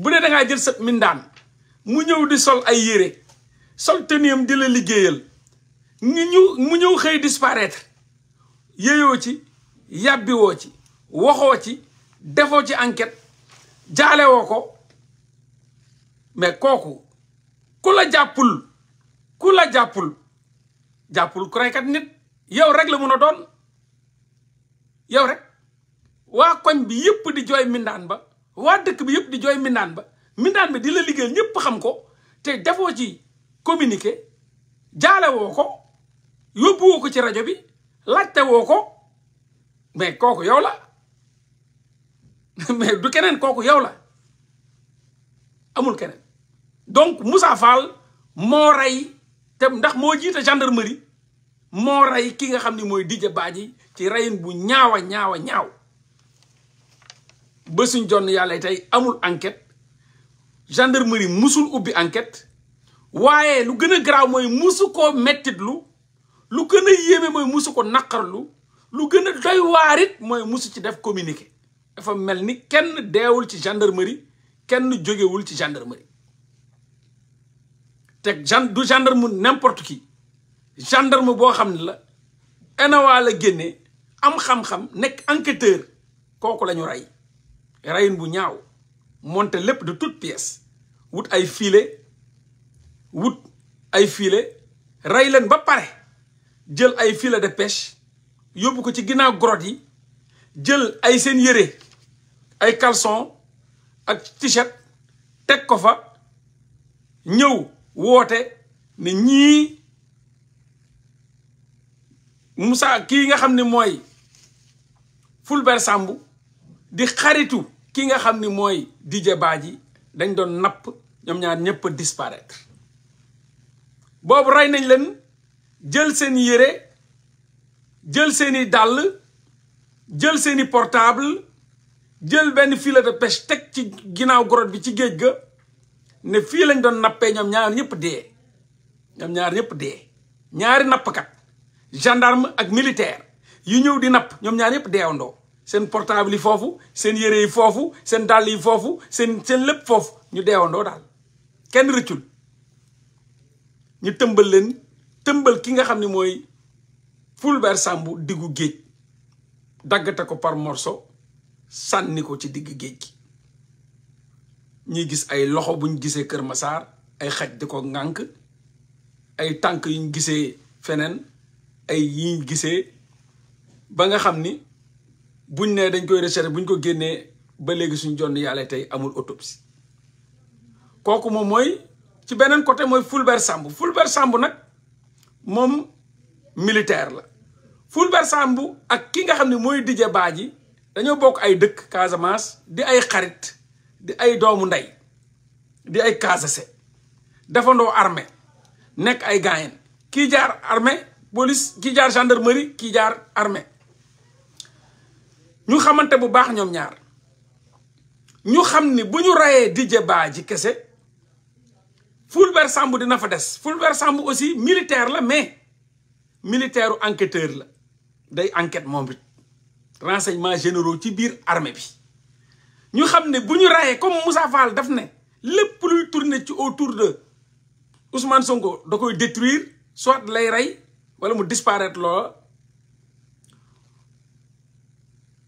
bu dee da ngaa jël sa mindaan mu ñëw di sol ay yére sol tëneem di la liggéeyal ñu mu ñëw xëy disparaître yeyoo ci yàbbiwoo ci waxoo ci defoo ci enquête jaalewoo ko mais kooku ku la jàppul ku la jàppul jàppul ku reykat nit yow rek la mun a doon yow rek waa koñ bi yépp di jooy mindaan ba waa dëkk bi yëpp di jooy mindaan ba mindaan bi di la liggéeyal ñëpp xam ko te defoo ci communiqué jaale woo ko yóbbu woo ko ci rajo bi laajte woo ko mais kooku yow la mais du keneen kooku yow la amul keneen donc Moussa Fall moo rey te ndax moo jiite gendarmerie moo rey ki nga xam ni mooy Didier Badji ci reyin bu ñaawa ñaawa ñaaw ba jonn yàlla tey amul enquête gendarmerie musul ubbi enquête waaye lu gën a garaaw mooy musu ko mettitlu lu gën a yéeme mooy musu ko naqarlu lu gën a doy mooy musu ci def communiqué dafa mel ni kenn deewul ci gendarmerie kenn jógewul ci gendarmerie teg gen du gendarme n'importe qui gendarme boo xam ne la enawaa la génnee am xam-xam nekk enquêteur kooku lañu rey reyin bu ñaaw monter lépp de toute pièce wut ay file wut ay file rey leen ba pare jël ay filet de pêche yóbbu ko ci ginnaaw grotte yi jël ay seen yére ay caleçon ak t-shirt teg ko fa ñëw woote ne ñii Moussa kii nga xam ne mooy Fulbert Sambou di xaritu ki nga xam ni mooy Didier Badji dañ doon napp ñoom ñaar ñëpp disparaître boobu rey nañ leen jël seeni yére jël seeni dàll jël seeni portable jël benn filet de pêche teg ci ginnaaw grotte bi ci géej ga ne fii lañ doon nappee ñoom ñaar ñëpp dee ñoom ñaar ñëpp dee ñaari nappkat gendarme ak militaire yu ñëw di napp ñoom ñaar ñëpp deewandoo seen portable yi foofu seen yére yi foofu seen dàll yi foofu seen seen lépp foofu ñu deewandoo daal kenn rëccul ñu tëmbal leen tëmbal ki nga xam ni mooy Fulbert Sambou diggu géej daggate ko par morso sànni ko ci diggu géej gi ñuy gis ay loxo buñ gisee Kër Masaar ay xaj di ko ŋànk ay tànk yuñ gisee feneen ay yiñ gisee ba nga xam ni bu ñu nee dañ koy recherche buñ ko génnee ba léegi suñ jonn yàlla tey amul autopsie kooku moom mooy ci beneen côté mooy Fulbert Sambou Fulbert Sambou nag moom militaire la Fulbert Sambou ak ki nga xam ne mooy Didier Badji dañoo bokk ay dëkk Casamance di ay xarit di ay doomu ndey di ay casase defandoo armé nekk ay gaayen kii jaar armée police kii jaar gendarmerie kii jaar armée Nous savons bu baax ñoom ñaar ñu gens qui bu ñu rayee Ba ji Fulbert dina fa des aussi militaire mais militaire ou enquêteur la enquête généraux ci biir armée bi ñu comme Moussa Fall daf autour de Ousmane Sonko détruire soit les disparaître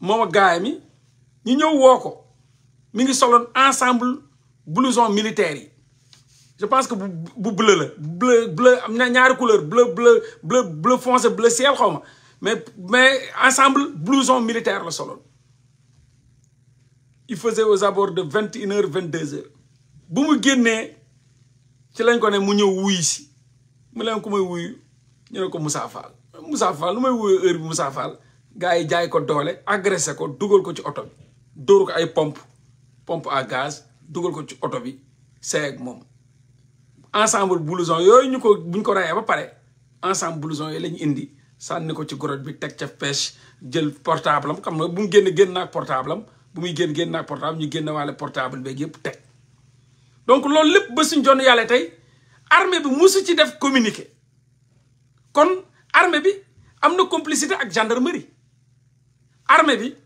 moom ak ñi ñew ñu ko mi ngi soloon ensemble blouson militaire je pense que bu bleu la bleu bleu am ñaari couleur bleu bleu bleu bleu foncé bleu ciel xawma mais mais ensemble blouson militaire la soloon il faisait aux abords de 21h 22h. bu mu génnee ci lañ ko né mu ñew wuy si mu leen ko may wuy ñu ko Moussa Fall Moussa Fall lu may heure bi Moussa Fall gaa yi jaay ko doole agressé ko dugal ko ci oto bi dóor ko ay pompe pompe à gaz dugal ko ci oto bi seeg moom ensemble blouson yooyu ñu ko buñ ko rayee ba pare ensemble blouson yooyu la ñu indi sànni ko ci gorot bi teg ca pêche jël portable am xam na bu mu génn génn naa portable bu muy génn génn naag portable ñu génn waale portable beeg yëpp teg donc loolu lépp ba suñ jonn yàlla tey armée bi musu ci def communiqué kon armée bi am na complicité ak gendarmerie armée bi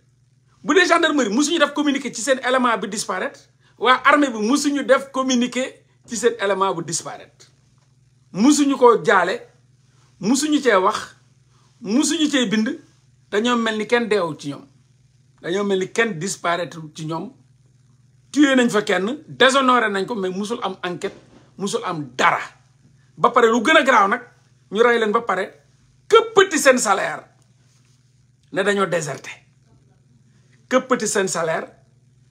bu dee gendarmerie musuñu def communiquer ci seen élément bi disparaître waa armée bi musuñu def communiqué ci seen élément bu disparaître musuñu ko jaale musuñu cee wax musuñu cee bind dañoo mel ni kenn deewu ci ñoom dañoo mel ni kenn disparaître ci ñoom tué nañ fa kenn déshonoré nañ ko mais musul am enquête musul am dara ba pare lu gën a garaaw nag ñu rey leen ba pare këppati seen salaire ne dañoo déserté këppati seen salaire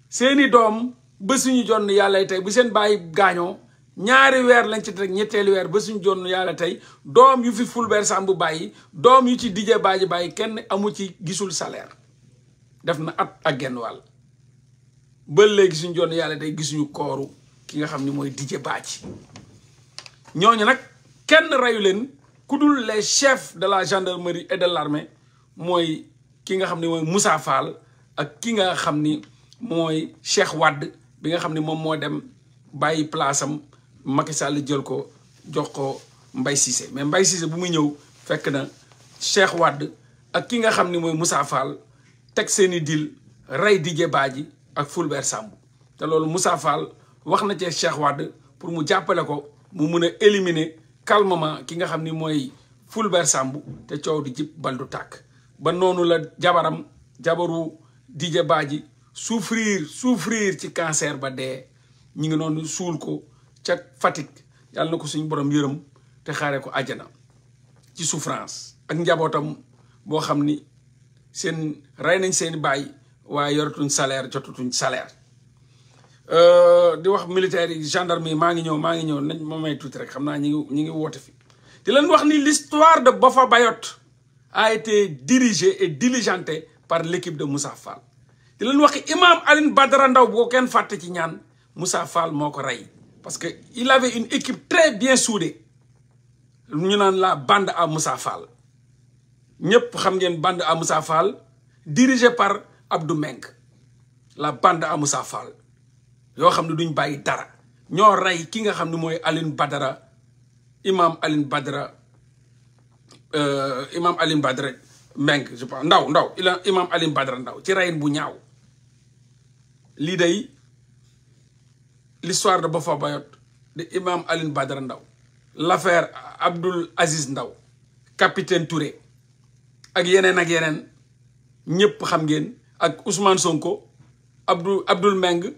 seeni doom ba suñu jonn yàlla tey bu seen bàyyi gaañoo ñaari weer lañ ci teg ñetteelu weer ba suñu jonn yàlla tey doom yu fi fulbeer Fulbert Sambou bàyyi doom yu ci Didier Badji bàyyi kenn amu ci gisul salaire def na at ak genn wàll ba léegi suñu jonn yàlla tey gisuñu kooru ki nga xam ni mooy Didier Badji ñooñu nag kenn reyu leen ku dul les chefs de la gendarmerie et de l'armée mooy ki nga xam ne mooy Moussa Fall ak ki nga xam ni mooy Cheikh wàdd bi nga xam ne moom moo dem bàyyi place am Macky Sall jël ko jox ko mbay Cissé mais Mbaye Cissé bu muy ñëw fekk na Cheikh wàdd ak ki nga xam ni mooy Moussa Fall teg seeni dil rey Didier Badji ak Fulbert Sambou te loolu Moussa Fall wax na ci Cheikh wàdd pour mu jàppale ko mu mën a éliminer calmement ki nga xam ni mooy Fulbert Sambou te coow di jib baldu tàkk ba noonu la jabaram jabaru Didier Badji souffrir souffrir ci cancer ba dee ñu ngi noonu suul ko ca fatik yàlla na ko suñu borom yërëm te xaare ko àjjana ci souffrance ak njabootam boo xam ni seen rey nañ seen bàyyi waaye yoratuñ salaire jotatuñ salaire euh, di wax militaire yi gendarmerie maa ngi ñëw maa ngi ñëw nañ ma may tuuti rek xam naa ñi ngi ñu ngi woote fi di leen wax ni l'histoire de Boffa bayot a été dirigé et diligenté par l'équipe de Moussa Fall Il a dit imam Alin Badranda Ndao bu ci Moussa Fall parce qu'il avait une équipe très bien soudée Nous avons la bande à Moussa Fall Nous xam une bande à Moussa Fall dirigée par Abdou Menk la bande à Moussa Fall Nous avons une duñ dara ñoo ki nga Alin imam Alin Badara euh, imam Alim Badre Meng, je pense imam Alim Badre l'histoire de Bofa Bayot de imam Alim Badre l'affaire Abdul Aziz ndaw capitaine Touré ak yenen ak yenen, Ousmane Sonko Abdul Abdul Meng,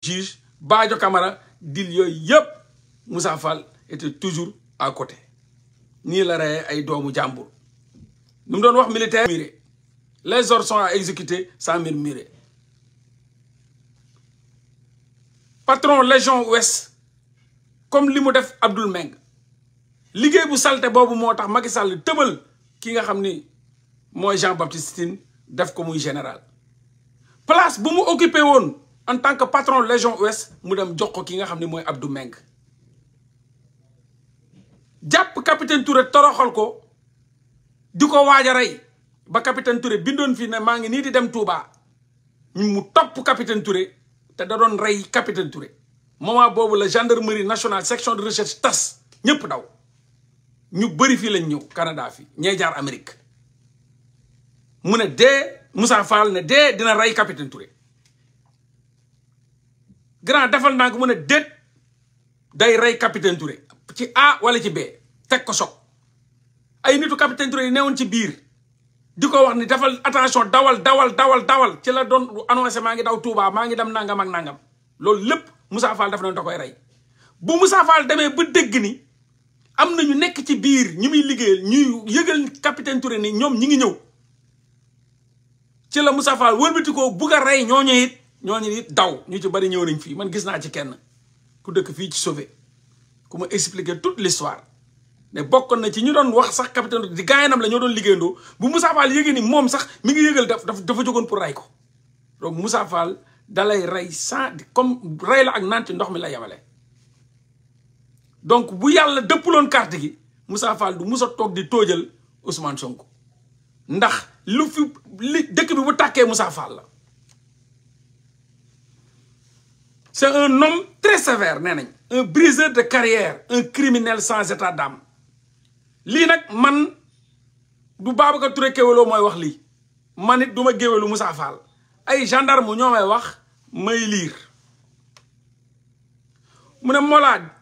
juge Badjo Camara dil Moussa était toujours à côté ni la reyee ay doomu jambour nu doon wax militaire miré les ordres sont à exécuter sans murmurer patron légion ouest comme li def Abdoul Meng liguey bu salté bobu motax tax Macky Sall tëbal ki nga xamni moy Jean Baptiste Tine def ko muy général place bu mu occupé won en tant que patron légion ouest mu dem jox ko ki nga xamni moy mooy Abdou Meng jàpp capitaine Touré toroxal ko di ko waaj a rey ba capitaine Touré bindoon fii ne maa ngi nii di dem Touba mu topp capitaine Touré te da doon rey capitaine Touré moment boobu la gendarmerie nationale section de recherche tas ñëpp daw ñu bëri fii lañ ñëw Canada fii ñee jaar Amérique mu ne dee Moussa Fall ne dee dina rey capitaine Touré grand defal naa ko mu ne déet day rey capitaine Touré. ci A wala ci B teg ko choc ay nitu capitaine Touré yi newoon ci biir di ko wax ni defal attention dawal dawal dawal dawal ci la doon annoncé maa ngi daw tuubaa maa ngi dem nangam ak nangam loolu lépp Moussa Fall daf doon da rey bu Moussa demee ba dégg ni am na ñu nekk ci biir ñu muy liggéeyal ñuy yëgal capitaine ture ni ñoom ñi ngi ñëw ci la Moussa Fall wëlbati ko bugg a rey ñooñu it ñooñu it daw ñu ci bari ñëw nañ fii man gis naa ci kenn ku dëkk fii ci Sauvé. ku expliquer toute l'histoire ne bokkoon na ci ñu doon wax sax capitaine di gaayanam la ñu doon liggéeyandoo bu Moussa Fall yëgee ni mom sax mi ngi yëgal daf dafa jógoon pour ray ko donc Moussa Fall dalay ray sans comme ray la ak naan ndox mi la yemale donc bu Yalla deppulone carte gi Moussa Fall du Moussa tok di tojeul Ousmane Sonko ndax lu fi li bi bu tàkkee Moussa Fall la c'est un homme très sévère nee un briseur de carrière un criminel sans état d'âme lii nag man du Babacar Touré kéwéloo mooy wax lii man it du ma géwélu Moussa Fall ay gendarme ñoo may wax may liir mu ne Mollah